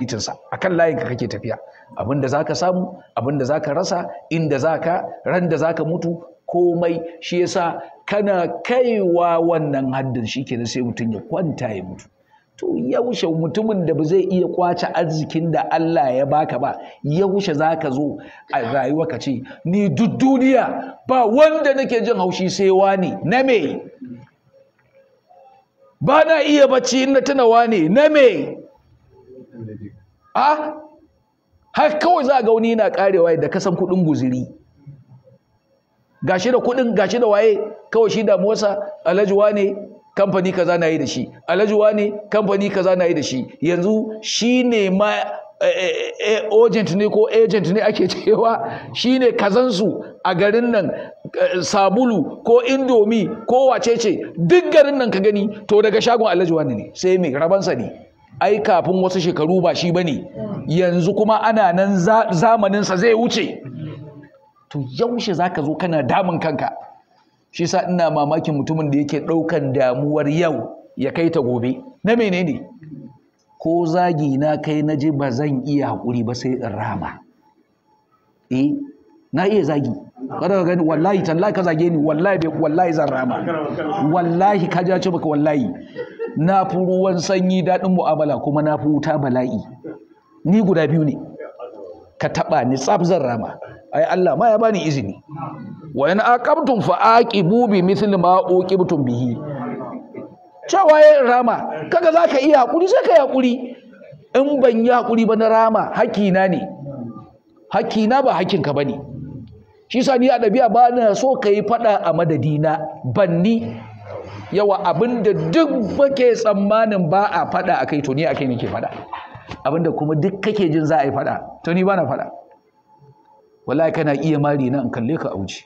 itinsa a kan layin ka kake tafiya abin da za ka samu abin da za ka rasa inda za ka ran da za ka mutu komai shi yasa kana kaiwa wannan haddin shi ke sai mutum ya kwanta ya mutu to yaushe mutumin da ba zai iya kwace arzikin da Allah ya baka ba yaushe za ka zo a rayuwa ka ce ni duk duniya ba wanda nake jin haushi sai wani na me ba na iya bacci in na tuna wani na me a har kawai za a ga wani yana karewa da kasan kudin guziri gashi da kudin gashi da waye kawai shi damuwarsa alajuwa ne kamfani kaza na yi da shi alajuwa ne kamfani kaza na yi da shi yanzu shi ne ma eh, eh, eh, agent ne ko agent ne ake cewa shi ne kazansu a garin nan sabulu ko indomi ko wacece duk garin nan ka gani to daga shagon alajuwa ne sai mai rabansa ne ai kafin wasu shekaru ba shi bane yanzu kuma ana nan zamanin sa zai wuce to yaushe zaka zo kana damun kanka shi yasa ina mamakin mutumin da yake daukan damuwar yau ya kai ta gobe na menene ko zagi na kai na ji ba zan iya hakuri ba sai in rama eh na iya zagi kada ka gani wallahi tallahi ka zage ni wallahi wallahi zan rama wallahi ka ja ci baka wallahi na fi ruwan sanyi daɗin mu'amala kuma na fi wuta bala'i ni guda biyu ne ka taɓa ni tsaf zan rama ai Allah ma ya bani izini wa in aqabtum fa aqibu bi mithli ma uqibtum bihi cewa ya rama kaga zaka iya hakuri sai ka hakuri in ban yi hakuri ba na rama hakina ne hakina ba ka bane shi sa ni a ɗabi'a ba na so ka yi faɗa a madadina ban ni yawa abinda duk bake tsammanin ba a faɗa a kai to a kai nake faɗa abinda kuma duk kake jin za a yi faɗa to ba na faɗa wallahi kana iya mari na in kalle ka auji.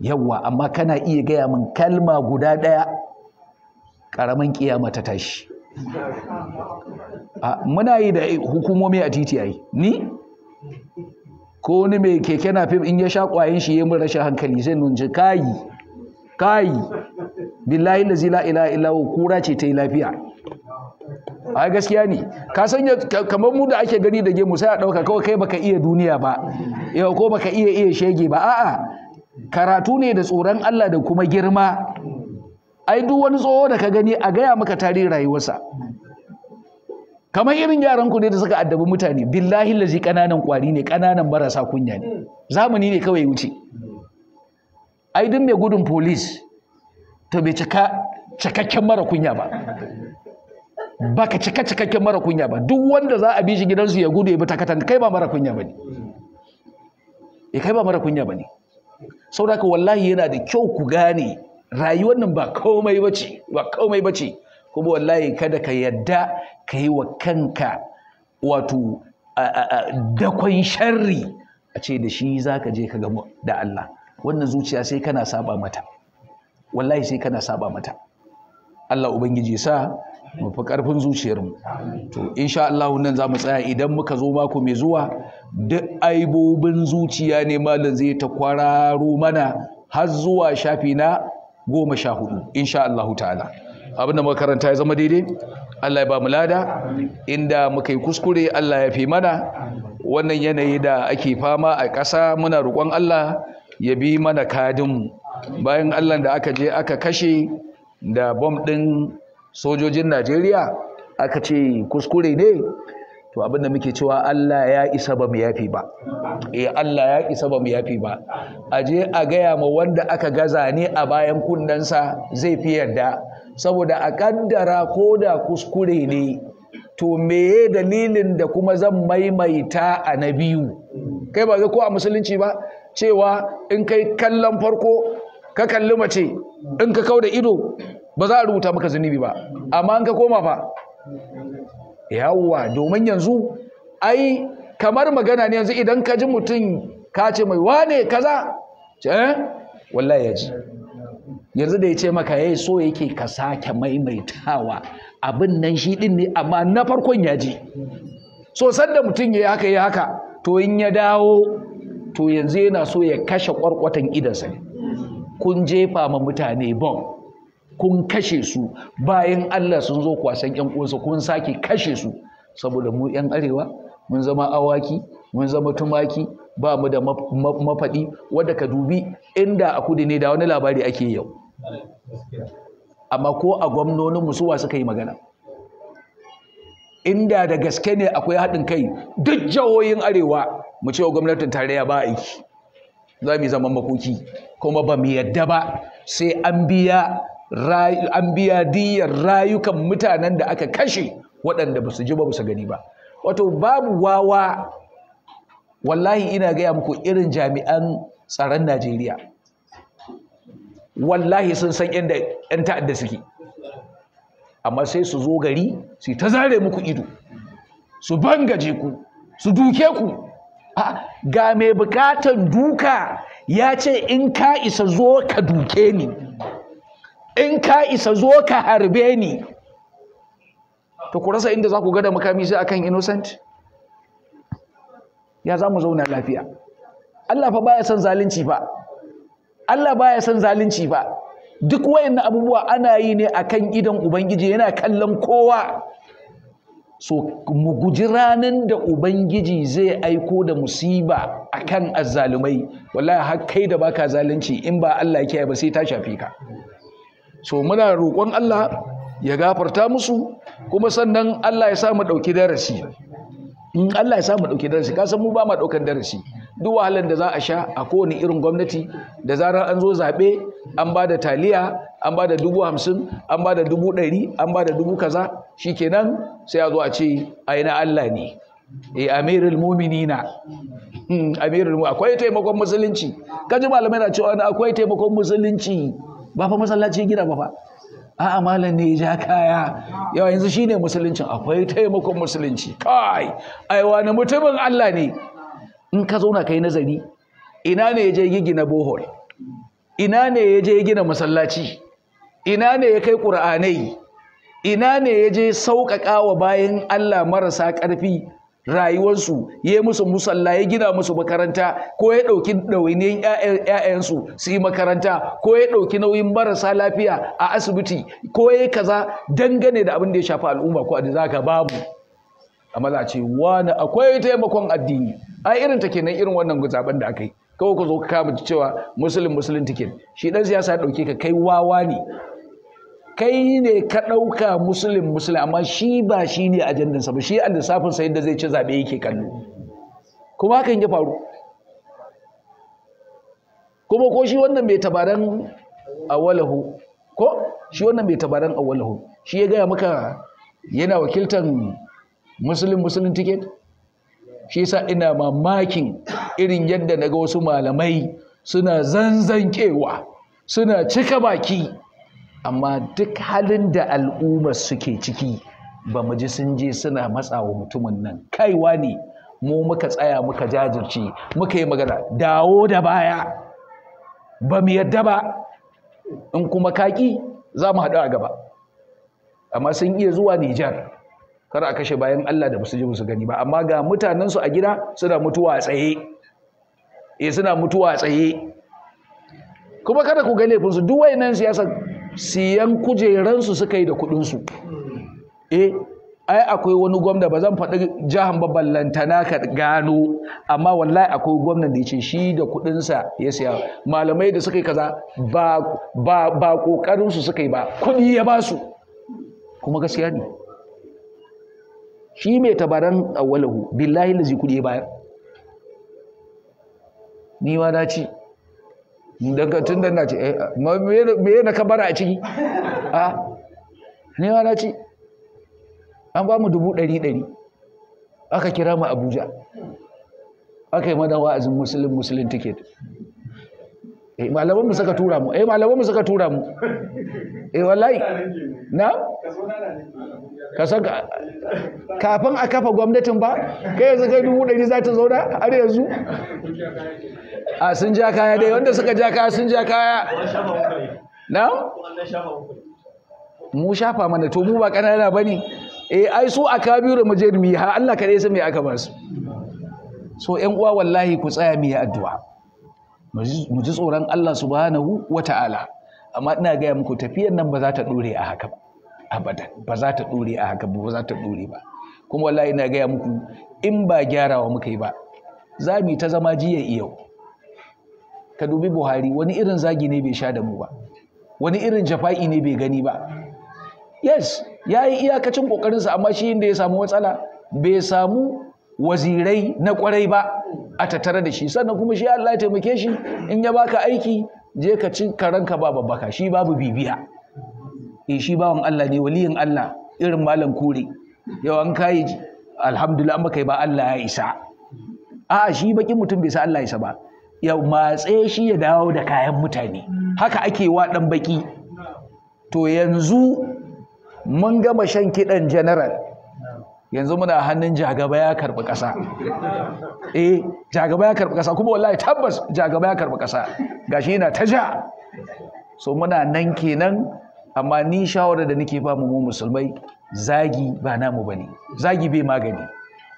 yawa amma kana iya gaya min kalma guda ɗaya ƙaramin kiyama ta tashi muna yi da hukumomi a titi ai ni ko wani mai keke na fim in ya sha ƙwayin shi ya mun rashin hankali sai nun ji kayi kai billahi lazi la ilaha illa kura ce ta yi lafiya a gaskiya ne ka sanya kamar mu da ake gani da gemu sai a ɗauka kawai kai baka iya duniya ba yau ko baka iya iya shege ba a'a karatu ne da tsoron Allah da kuma girma ai duk wani tsoho da ka gani a gaya maka tarihin rayuwarsa kamar irin yaran ku ne da suka addabi mutane billahi lazi kananan kwari ne kananan marasa kunya ne zamani ne kawai ya wuce ai duk mai gudun police to bai cika cikakken mara kunya ba baka cika cikakken mara kunya ba duk wanda za a bi shi gidansu ya gudu ya bi takatan kai ba mara kunya bane eh kai ba mara kunya bane saboda wallahi yana da kyau ku gane rayuwar nan ba komai bace ba komai bace kuma wallahi kada ka yadda ka yi wa kanka wato dakon sharri a ce da shi za ka je ka gamu da Allah wannan zuciya sai kana saba mata wallahi sai kana saba mata Allah ubangiji sa mu fi karfin zuciyarmu to insha Allah nan za mu tsaya idan muka zo mako mai zuwa duk aibobin zuciya ne malam zai ta kwararo mana har zuwa shafi na goma sha hudu insha Allah ta'ala abinda muka karanta ya zama daidai Allah ya ba mu lada inda muka yi kuskure Allah ya fi mana wannan yanayi da ake fama a ƙasa muna roƙon Allah ya bi mana kadinmu bayan allah da aka je aka kashe da bom ɗin sojojin najeriya aka ce kuskure ne to abin da muke cewa Allah ya isa ba mu yafi ba eh Allah ya isa ba mu yafi ba a je a gaya ma wanda aka gaza ne a bayan kundansa zai fi yarda saboda a kaddara ko da kuskure ne to meye dalilin da kuma zan maimaita a na biyu kai ba ga ko a musulunci ba cewa in kai kallon farko ka kalli mace in ka kau da ido ba za a rubuta maka zunubi ba amma in ka koma fa yawwa domin yanzu ai kamar magana ne yanzu idan ka ji mutum ka ce mai wane kaza eh wallahi ya ji yanzu da ya ce maka yayi eh, so yake ka sake maimaitawa abin nan shi din ne amma na farkon ya ji so sanda mutum ya yi haka ya haka to in ya dawo to yanzu yana so ya kashe kwarkwatan idansa kun jefa ma mutane bom kun kashe su bayan Allah sun zo kwasan yan uwansa kun sake kashe su saboda mu yan arewa mun zama awaki mun zama tumaki ba mu da mafaɗi wadda ka dubi inda a kudu ne da wani labari ake yau amma ko a gwamnonin suwa suka yi magana inda da gaske ne akwai haɗin kai duk jihohin arewa mu cewa gwamnatin tarayya ba aiki za mu yi zaman makoki kuma ba mu yadda ba sai an biya diyar rayukan mutanen da aka kashe waɗanda ba su ji ba su gani ba wato babu wawa wallahi ina gaya muku irin jami'an tsaron najeriya wallahi sun san yadda 'yan ta'adda suke amma sai su zo gari su ta zare muku ido su bangaje ku su duke ku ga mai bukatan duka ya ce in ka isa zo ka duke ni in ka isa zo ka harbe ni to ku rasa inda za ku gada makami sai akan innocent ya za mu zauna lafiya Allah fa baya son zalunci fa Allah baya son zalunci fa duk wayannan abubuwa ana yi ne akan idan ubangiji yana kallon kowa so mu guji ranar da ubangiji zai aiko da musiba akan azzalumai wallahi har kai da baka zalunci in ba Allah ya kiyaye ba sai ta shafe ka so muna roƙon Allah ya gafarta musu kuma sannan Allah ya sa mu ɗauki darasi in Allah ya sa mu ɗauki darasi ka san mu ba ma ɗaukar darasi duk wahalar da za a sha a kowane irin gwamnati da zarar an zo zaɓe an ba da taliya an ba da dubu hamsin an ba da dubu ɗari an ba da dubu kaza shi kenan sai a zo a ce aina Allah ne e amirul muminina hmm, amirul akwai taimakon musulunci kaji malamai na cewa akwai taimakon musulunci ba fa masallaci gida ba fa a'a malam ne ya ja kaya yawa yanzu shine musuluncin akwai taimakon musulunci kai aiwa na mutumin Allah ne in ka zauna ka yi nazari ina ne ya je ya gina bohol ina ne ya je ya gina masallaci ina ne ya kai ƙura'anai? ina ne ya je sauƙaƙa wa bayan Allah marasa ƙarfi rayuwarsu ya musu musalla ya gina musu makaranta ko ya ɗauki ɗawainiyan ‘ya'yansu su yi makaranta ko ya ɗauki nauyin marasa lafiya a asibiti ko ya yi kaza dangane da abin da ya shafi al'umma ko a da zaka babu amma za a ce wani akwai taimakon addini ai irin ta nan irin wannan zaben da aka yi kawai ku zo ka kama cewa musulun musulun ticket shi dan siyasa ya dauke ka kai wawa ne kai ne ka dauka musulun musulun amma shi ba shi ne sa. ba shi a lissafin sa yadda zai ci zabe yake kallo kuma hakan ya faru kuma ko shi wannan bai tabaran awalahu ko shi wannan bai tabaran awalahu shi ya gaya maka yana wakiltan musulun musulun ticket shi sa ina mamakin irin yadda na ga wasu malamai suna zanzankewa suna cika baki amma duk halin da al'umma suke ciki ba mu ji sun je suna matsa wa mutumin nan kaiwa ne mu muka tsaya muka jajirce muka yi magana dawo da baya ba mu yadda ba in kuma kaki za mu haɗu a gaba amma sun iya zuwa Nijar kar a kashe bayan Allah da basu ji musu gani ba amma ga mutanen su a gida suna mutuwa tsaye eh suna mutuwa tsaye kuma kada ku ga fun su duk wayannan siyasa siyan kujeran su suka yi da kudin su eh ai akwai wani gwamna ba zan faɗi jihar lantana ka gano amma wallahi akwai gwamnati da ya ce shi da sa ya siya malamai da suka yi kaza ba ƙoƙarinsu suka yi ba kuɗi ya ba su kuma gaskiya ne shi mai tabaran awwalahu billahi lazi kudi bayar ni ma na ci daga tun da na ci eh, me na kabara a ciki a ni ma na ci an ba mu dubu ɗari ɗari aka kira mu abuja aka yi madawa wa'azin musulun musulun ticket eh malamanmu mu suka tura mu eh malamanmu mu suka tura mu eh wallahi na ka san kafin a kafa gwamnatin ba kai yanzu kai dubu ɗari za ta zauna har yanzu a sun ja kaya dai wanda suka ja kaya sun ja kaya na mu shafa mana to mu ba ƙanana ba ne eh ai su a kabiru mu je mu yi ha Allah kaɗai san me aka ba su so ƴan uwa wallahi ku tsaya mu yi addu'a mu ji tsoron Allah subhanahu wa ta'ala amma ina gaya muku tafiyar nan ba za ta dore a haka ba ba za ta dore a haka ba za ta dore ba kuma wallahi ina gaya muku in ba gyarawa muka yi ba za mu ta zama jiya yau ka dubi Buhari wani irin zagi ne bai sha da mu ba wani irin jafa'i ne bai gani ba yes ya yi iyakacin kokarinsa amma shi inda ya samu matsala bai samu wazirai na kwarai ba a tattare da shi sannan kuma shi Allah ya taimake shi in ya baka aiki je ka ci karanka ba babbaka shi babu bibiya eh shi bawan Allah ne waliyin Allah irin malam kure yawan kai alhamdulillah amma kai ba Allah ya isa a shi bakin mutum bai sa Allah ya isa ba ya matse shi ya dawo da kayan mutane haka ake wa dan baki to yanzu mun gama shan kidan general yanzu muna hannun jagaba ya karɓi ƙasa eh jagaba ya karɓi ƙasa kuma wallahi tabbas jagaba ya karɓi ƙasa Ga shi yana ta ja so muna nan kenan amma ni shawara da nake ba mu musulmai zagi ba namu bane zagi bai magani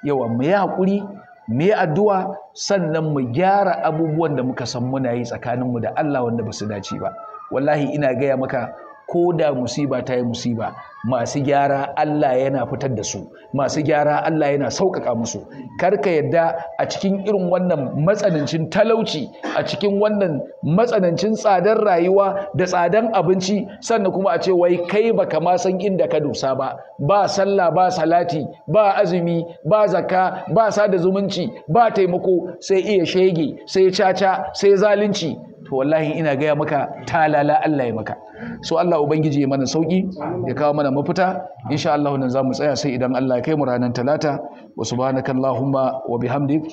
yawa mu yi hakuri mu yi addu'a sannan mu gyara abubuwan da muka san muna yi tsakaninmu da Allah wanda ba su dace ba wallahi ina gaya maka ko da musiba ta yi musiba masu gyara Allah yana fitar da su masu gyara Allah yana sauƙaƙa musu karka yadda a cikin irin wannan matsanancin talauci a cikin wannan matsanancin tsadar rayuwa da tsadan abinci sannan kuma a ce wai kai baka ma san inda ka dosa ba ba sallah ba salati ba azumi ba zakka ba sada zumunci ba taimako sai iya shege sai caca sai zalunci to wallahi ina gaya maka talala Allah ya maka so Allah ubangiji ya mana sauki ya kawo mana mafita insha Allah nan zamu tsaya sai idan Allah ya kai mu ranar talata wa subhanakallahumma wa bihamdik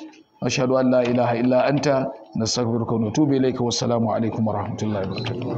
ashhadu an la ilaha illa anta nastaghfiruka wa natubu ilayka wassalamu alaikum wa rahmatullahi wa barakatuh